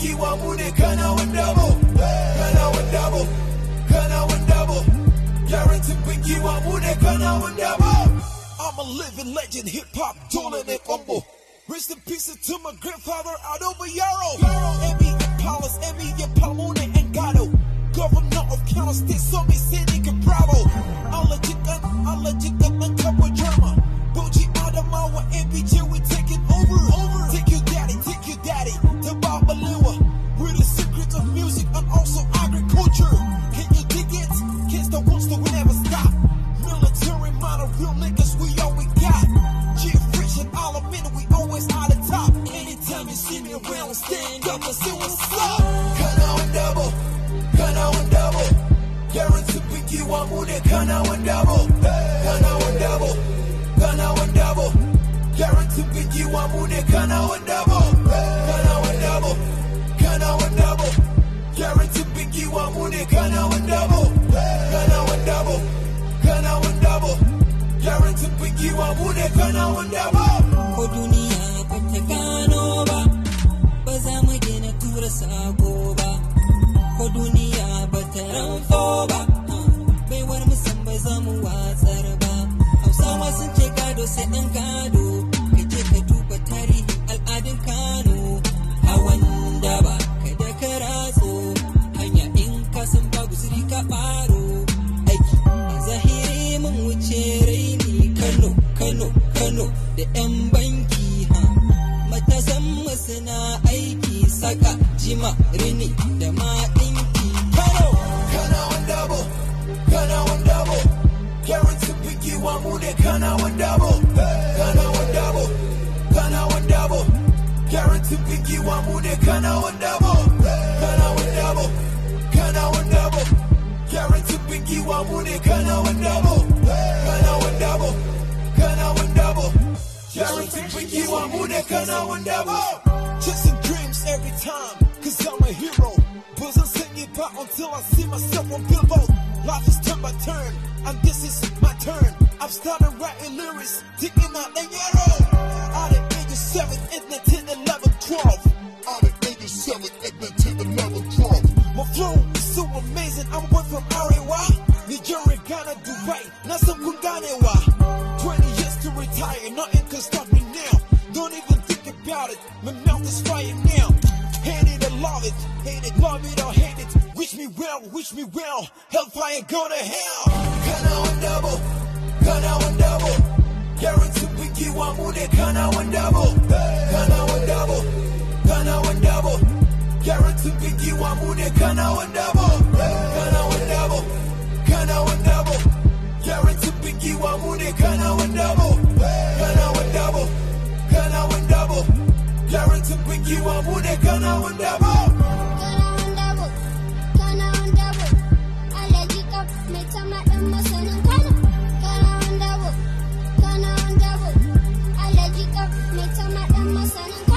kiwa bude kana wandabo kana wandabo kana wandabo guaranteed kiwa bude kana wandabo I'm a living legend hip hop dolan and humble Rest in peace to my grandfather Adobo Yarrow Emmy Impalas, Emmy Governor of County State, Give me a stand up and see what's up. Kana wandabo, kana wandabo. Guarantee piki wa mude, kana wandabo. Kana wandabo, kana wandabo. Guarantee piki wa mude, kana double. Kana double. kana wandabo. Guarantee one more. mude, kana wandabo. Kana wandabo, kana wandabo. Guarantee piki wa mude, kana double. watsar ba hausawa sun ce gado sai an gado ka ce ka duba tarihin al'adun kano hawan da ba ka da ka ratso hanya in ka san ba guzuri ka baro aiki a zahiri mun wuce raini kano kano kano da yan banki ha matasan masana aiki saka jima rini da ma ɗinki kano kano Kabude, Ghana wa double, Ghana wa double, Ghana wa double. Guarantee Piggy Wamude, Ghana wa double, Ghana wa double, Ghana wa double. Guarantee Piggy Wamude, Ghana wa double, Ghana wa double, Ghana wa double. Guarantee Piggy Wamude, Ghana wa double. Chasing dreams every time, cause I'm a hero. Buzzers until I see myself on billboards. Life is turn by turn, and this is my turn. I've started writing lyrics, taking out the arrow. Out of 87, 18, 11, 12. Out of 87, 18, 11, 12. My flow is so amazing, I'm one from Arewa. Nigeria, Ghana, Dubai, Nasa Kunganewa. 20 years to retire, nothing can stop me now. Don't even think about it, my mouth is fire now. Hate it or love it, hate it, love it or hate me well, wish me well. Hellfire, go to hell. Kana double. kana wandabo. Guarantee wiki wa mude, kana wandabo. Kana double. kana double, Guarantee wiki wa mude, kana wandabo. Kana wandabo, kana wandabo. Guarantee wiki wa mude, kana double. Kana wandabo, kana wandabo. Guarantee wiki wa mude, kana double. Make time out of